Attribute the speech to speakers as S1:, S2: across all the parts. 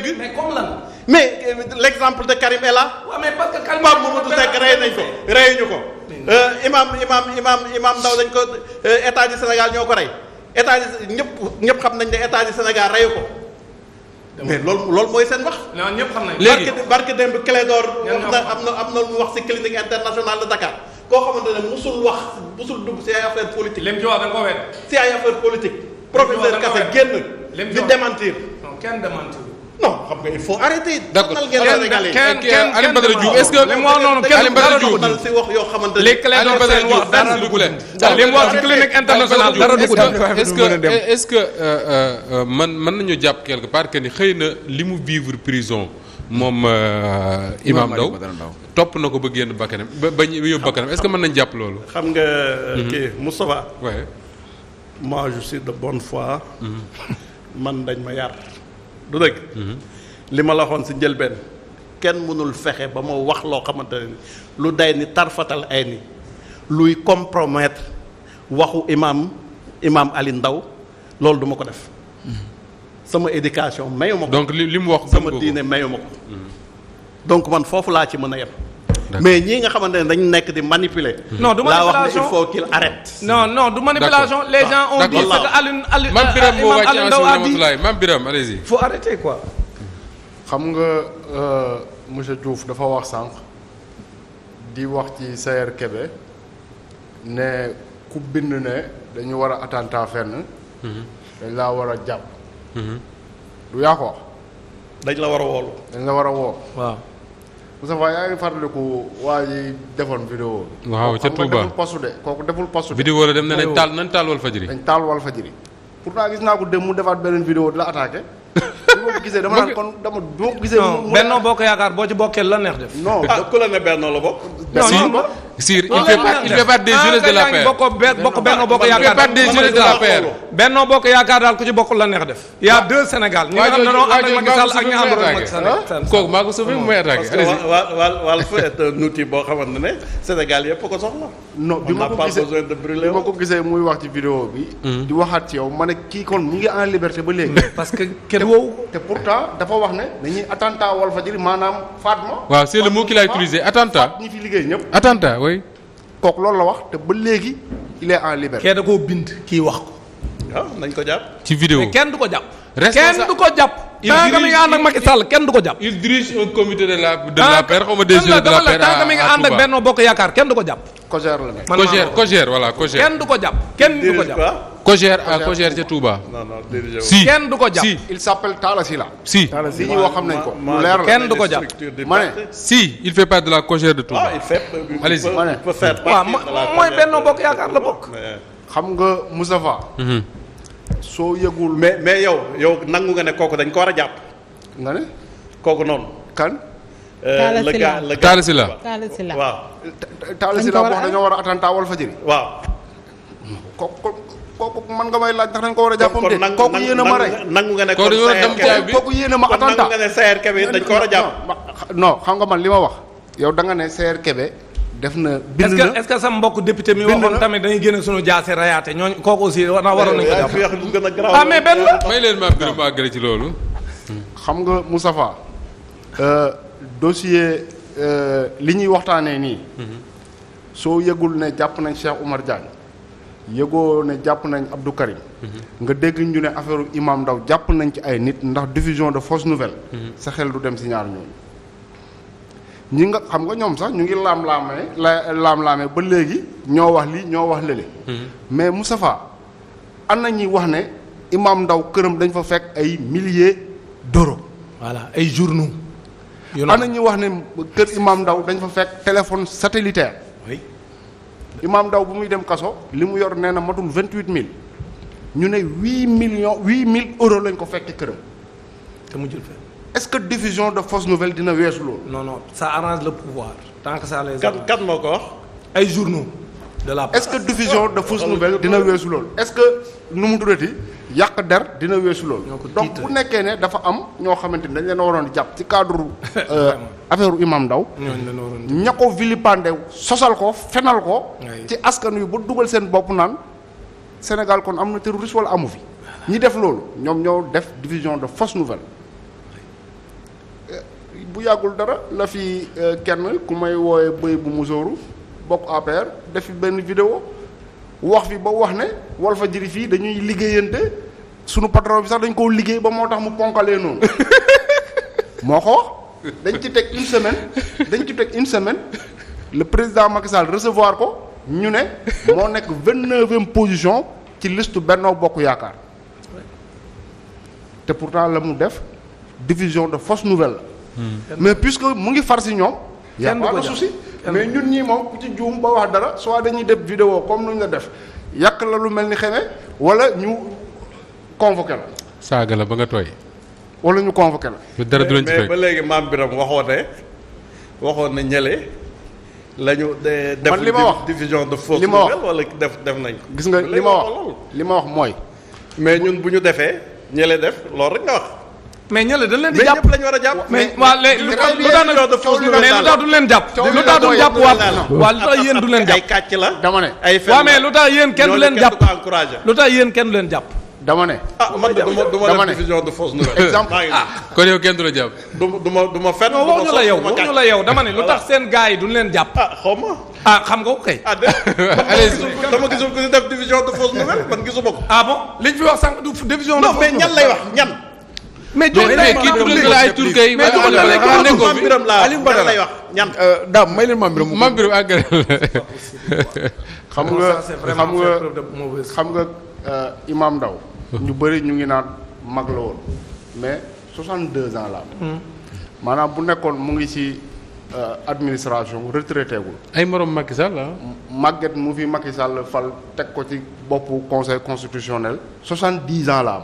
S1: dëgg. mais comme lan. mais euh, l' exemple de Karim est là. waaw mais parce que Karim Pape Mamadou Seck rey nañ ko rey ñu ko. Euh, imam imam imam imam Ndao dañ ko euh, état du Sénégal ñoo ko rey état du ñëpp ñëpp xam nañ ne état du Sénégal reyu ko. mais loolu loolu mooy seen wax. non ñëpp xam nañ léegi barke barke démb Clédor. am na am na am na lu wax si clinique internationale de Dakar. koo xamante ne musul wax musul dugg si ay affaire politique. lem ci wax da nga ko wér. si ay affaire politique. professeur Kassé génn. lem di démentir. non kenn démentir. xam nga il faut arrêter. d'accord kenn est-ce que yoo xamante ne. léegi Clédor Sène wax dara du ko li mu wax ci clinique internationale dara du ko est-ce que est-ce
S2: euh, euh, que man mën nañu jàpp quelque part que ni xëy na li mu vivre prison moom euh, Imam Ndaw topp na ko ba génn bakkanam ba ba yóbbu bakkanam est-ce que mën nañu jàpp loolu. xam nga mhm. kii Moustapha.
S1: waaye. moi je suis de mhm. man dañ ma yar li ma la waxoon si njëlbeen kenn mënul fexe ba ma wax loo xamante lu day ni tarfatal ay ni luy compromettre waxu imaam imaam Ali Ndaw loolu duma ko def sama éducation mayu ma ko. donc li mu wax sama diine ma ko. Hmm. donc man foofu laa ci mën a yem. mais ñii nga xamante ne dañu nekk di manipuler. Hmm. non du manipulation laa wax ne il faut qu'il arrête. non non du manipulation. les gens ont dit que Alioune Alioune euh, Alioune Ndaw a dit.
S2: Mame Birame allez-y. xam nga euh, monsieur Diouf dafa wax sànq di wax ci Sayer kebe ne ku bind ne dañu war a attentat fenn. Mhm. dañ laa war a jàpp. Mhm. du yaa ko dañ la war a woolu. dañ la war a woo. waaw. Moustapha yaa ngi fàttaliku waa ji defoon vidéo bi. waaw ca Touba kooku deful postu de kooku deful postu de. vidéo la dem ne nañ taal nañ taal Walfadjri. nañ taal Walfadjri pourtant gis naa ko dem mu defaat beneen vidéo di la attaqué. bu ma ko gisee dama naan kon
S1: dama bu ma ko gisee. non Benno Bokk Yaakaar boo ci bokkee la neex def. non ah ku la ne Benno la bokk. non Sir ah, il fait pas il fait pas des jeunes de la paire bokk Benno Bokk Yaakaar pas de la paire Benno Bokk Yaakaar daal ku ci bokkul la neex def y a deux Sénégal nga xam ne dañoo ànd ak ko sauvé mu may attaqué Walf Walf est
S2: ma ko gisee bi ma wax ci vidéo bi hmm. di waxaat ma ne kii kon mu ngi en ba léegi parce que kenn woowu te pourtant dafa wax ne dañuy attentat Walfadjri maanaam Fatma waaw c'est le mot qu'il a ñëpp attentat kooku loolu la wax te ba léegi il en liberté. kee da koo bind kii wax ko. waaw ah, nañ ko jàpp. ci vidéo mais kenn du ko jàpp. kenn du ko jàpp. tant que mi nga ànd ak
S1: Macky Sall kenn du ko jàpp. il dirige un comité de la de ah, la paix xaw ma décision de la paix tant que mi nga ànd ak Benno Bokk
S2: Yaakaar kenn du ko jàpp. Cogère la nekk Cogère Cogère voilà Cogère. kenn du ko jàpp kenn du ko jàpp. Cogère ah Cogère ca Touba. non non si kenn du ko jàpp si. il s'appelle Talla Sylla. si Talla Sylla li ñuy wax xam nañ ko. lu leer la kenn du ko jàpp ma ne. si il fait partie de la Cogère de Touba. Ah, allez-y ma ne waaw mooy Benno Bokk Yaakaar la bokk. xam nga Moustapha. Mm-hmm.
S1: soo yëgul. mais mais yow yow nangu nga ne kooku dañ ko war a jàpp. nga
S2: ne. kooku noonu. kan. le gars le gars Talla Sylla Talla Sylla waaw. Talla Sylla boo dañoo war a attentat wal fajiri. waaw. man nga may laaj ndax dañ ko war a jàpp. kon nangu yéen a ma rey. nangu nga ne kon kooku ma attentat kon nangu nga ne dañ ko war a jàpp. non xam nga man li ma wax yow da nga ne CRKB def na bind na
S1: est-ce que sa mbokk député mi waxoon tamit dañuy génne suñu jaase rayaate ñooñu kooku aussi na waroon nañu
S2: ko jàpp ah mais benn la. may leen ma gërëm maa gërëm ci loolu. xam nga Moustapha euh, dossier euh, li ñuy waxtaanee nii. soo yëgul ne jàpp nañ Cheikh Oumar Diagne yëgoo ne jàpp nañ Abdou Karim. nga dégg ñu ne affaire imaam Ndaw jàpp nañ ci ay nit ndax diffusion de fausse nouvelle. sa xel du dem si ñaar ñooñu. ñi nga xam nga ñoom sax ñu ngi laam-laamee la laam-laamee ba léegi ñoo wax lii ñoo wax lële mhm. mais Moustapha am na ñuy wax ne Imam Ndaw këram dañ fa fekk ay milliers d'euros
S1: voilà ay journaux am na
S2: ñuy wax ne kër Imam Ndaw dañ fa fekk téléphone satellitaire Imam Ndaw bu muy dem kaso li mu yor nee na matul vingt huit mille ñu ne huit millions huit mille euros lañ ko fekk këram te mu est-ce que diffusion de fausses nouvelles dina weesu loolu. non non ça arrange le pouvoir tant que ça les. kat kat moo ko la presse. est-ce que diffusion de fausses nouvelles dina weesu loolu. est-ce que nu mu tuddati yàq der dina weesu loolu. donc bu nekkee ne dafa am ñoo xamante ni dañ leen waroon jàpp ci cadre. Euh, affaire imam Ndaw ña ko vilipande sosal ko fenal ko. ci askan wi ba dugal seen bopp naan Sénégal kon am na terroriste wala amu fi. ñi def loolu ñoom ñoo def division de fausses nouvelles. bu yàggul dara la fi euh, kenn ku may wooye bëy bu musóoru bokk APR def fi benn vidéo wax fi ba wax ne Walfadjri fii dañuy liggéeyante sunu patron bi sax dañ koo liggéey ba moo tax mu ponkalee noonu moo ko wax dañ ci teg une semaine dañ ci teg une semaine le président Macky Sall recevoir ko ñu ne moo nekk vingt-neuvième position ci liste Benno Bokk Yaakaar te pourtant la mu def diffusion de fausses nouvelles mais que mu ngi far si ñoom. yaa ngi souci mais ñun ñi moom ku ci juum ba wax dara soit dañuy def vidéo comme nu ñu la def yàq la lu mel ni xeme wala ñu convoqué la. saaga la ba nga tooy. walla ñu convoqué la. dara du lañ ci fekk ba
S1: léegi maam Biram waxoon ne waxoon na ñële lañu ñu. def man li ma wax division de force. li ma wax wala def def nañ ko. gis nga li ma wax li ma wax mooy. mais ñun bu ñu defee ñële def loolu rek nga wax. mais ñële dañ leen jàpp mais ñëpp lañ a jàpp. mais waaw léegi lu tax lu leen jàpp. lu tax duñ jàpp waat waaw lu tax yéen du leen jàpp. ay kàcc la dama ne. ay fen kenn leen jàpp lu tax yéen kenn du leen jàpp. dama ne. Ah, ah, kon yow kenn du la jàpp. du ma fenn. wax ñu ñu la yow dama ne lu tax seen gars yi duñ leen jàpp. ah xaw ma. ah xam nga ko kay. ah déedéet dama de fausse nouvelle man gisuma ko. ah bon liñ fi wax sànq du diffusion de fausse nouvelle. mais ñan lay wax ñan.
S2: mais jox lay kii tudd laay tur kay. mais jox nga euh, xam xam nga euh, Imam Ndaw ñu bëri ñu ngi naan mag la woon mais 62 la hmm. maanaam bu nekkoon mu ngi ci euh, administration retraité gul. ay morom Macky Sall la ah. màgget mu fi Macky Sall fal teg ko ci boppu conseil constitutionnel. 70 ans la am.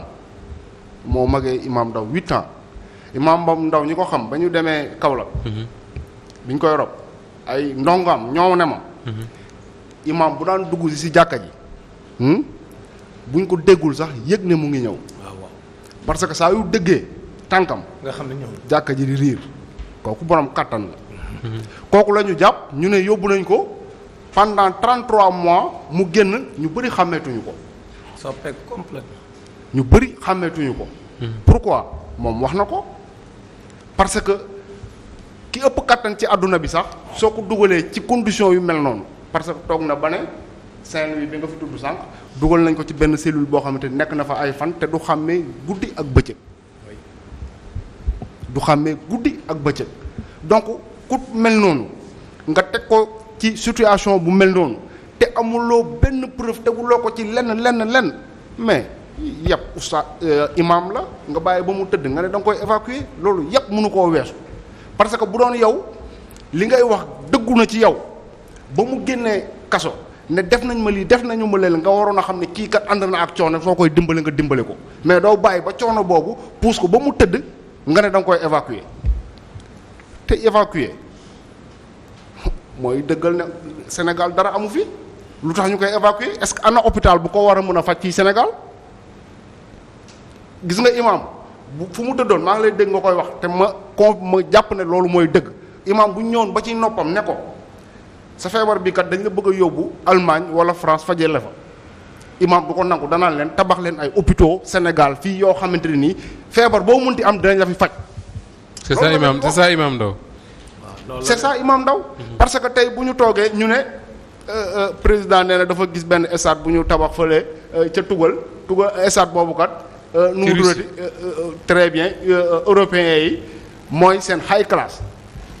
S2: moo magee imaam ndaw huit ans imaam ndaw ñi ko xam ba ñu demee Kaolack mm-hmm. biñ koy rob ay ndongaam ñoow ne ma mm-hmm. imaam bu daan dugg si jàkka ji hmm? buñ ko déggul sax yëg ne mu ngi ñëw parce que saa yu dëggee tànkam nga xam ne jàkka ji di riir kooku borom kàttan la mm-hmm. kooku lañu jàpp ñu ne yóbbu nañ ko pendant 33 mois mu génn ñu bëri xàmmeetuñu ko soppeeku complètement ñu bëri xàmmeetuñu ko. Hmm. pourquoi moom wax na ko parce que ki ëpp kàttan ci àdduna bi sax soo ko dugalee ci condition yu mel noonu parce que toog na ba ne Saint-Louis bi nga fi tudd sànq dugal nañ ko ci benn cellule boo xamante nekk na fa ay fan te du xàmmee guddi ak bëccëg. du xàmmee guddi ak bëccëg donc ku mel noonu nga teg ko ci situation bu mel noonu te amuloo benn preuve teguloo ko ci lenn lenn lenn mais. yàpp oustaz euh, imam la nga bàyyi ba mu tëdd nga ne da koy évacuer loolu yàpp mënu koo weesu parce que bu doon yow li ngay wax dëggu na ci yow ba mu génnee kaso ne def nañ ma lii def nañu ma leel nga waroon a xam ne kii kat ànd na ak coono soo koy dimbale nga dimbali ko mais doo bàyyi ba coono boobu puus ko ba mu tëdd nga ne danga koy évacuer te évacuer mooy dëggal ne Sénégal dara amu fi lu tax ñu koy évacuer est-ce que am na hôpital bu ko war a mën a faj fii gis nga imaam bu fu mu tëddoon maa ngi lay dégg nga koy wax te ma kon ma jàpp ne loolu mooy dégg imaam bu ñëwoon ba ci noppam ne ko sa feebar bi kat dañ la bëgg a yóbbu Allemagne wala France fajee la fa imaam du ko nangu danaa leen tabax leen ay opito Sénégal fii yoo xamante ne nii feebar boo munti am dinañ la fi faj. c'est ça imaam c'est ça imaam Ndao. c'est imaam Ndao. parce que tey bu ñu toogee ñu ne euh, euh, président nee na dafa gis benn stade bu ñu tabax fële euh, ca tugal tugal stade boobu kat. Euh, nu mu euh, euh, très bien européens yi mooy seen high class.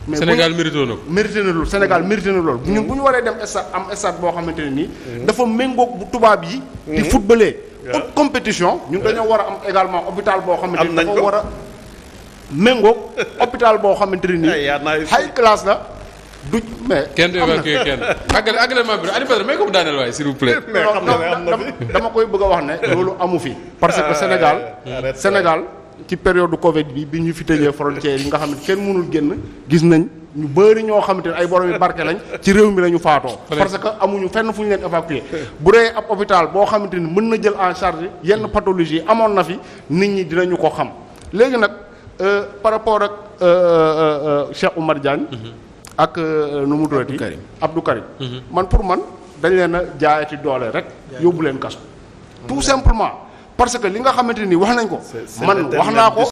S2: mais Sénégal mérité na ko. mérité na loolu Sénégal mm-hmm. mérité loolu. bu ñu mm-hmm. bu ñu waree dem stade am stade boo xamante ne nii. Mm-hmm. dafa méngoog bu tubaab yi. di footballé. waaw compétition. ñu dañoo war a am également hôpital boo. xamante ni dafa war a méngoog hôpital boo xamante ne nii. high class la. du mais kenn du évacuer kenn agrément agrément bi Aliou Badara may ko mu daaneel waaye s'il vous plaît. dama koy bëgg a wax ne. loolu amu fi. parce que ah, Sénégal Sénégal ci période Covid bi bi ñu fi tëjee frontières yi nga xam ne kenn mënul génn gis nañ. ñu bëri ñoo xamante ne ay borom yi barke lañ ci réew mi la faatoo parce que amuñu fenn fu ñu leen évacuer bu dee ab hôpital boo xamante ni mën na jël en charge yenn pathologie amoon na fi nit ñi dinañu ko xam léegi nag euh, par rapport ak euh, euh, Cheikh Oumar Diagne mhm. ak euh, nu mu dooti Abdou Karim mhm. man pour man dañ leen a jaayati doole rek yóbbu leen kaso tout simplement parce que li nga xamante ni wax nañ ko man wax naa ko